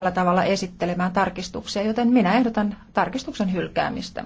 tällä tavalla esittelemään tarkistuksia, joten minä ehdotan tarkistuksen hylkäämistä.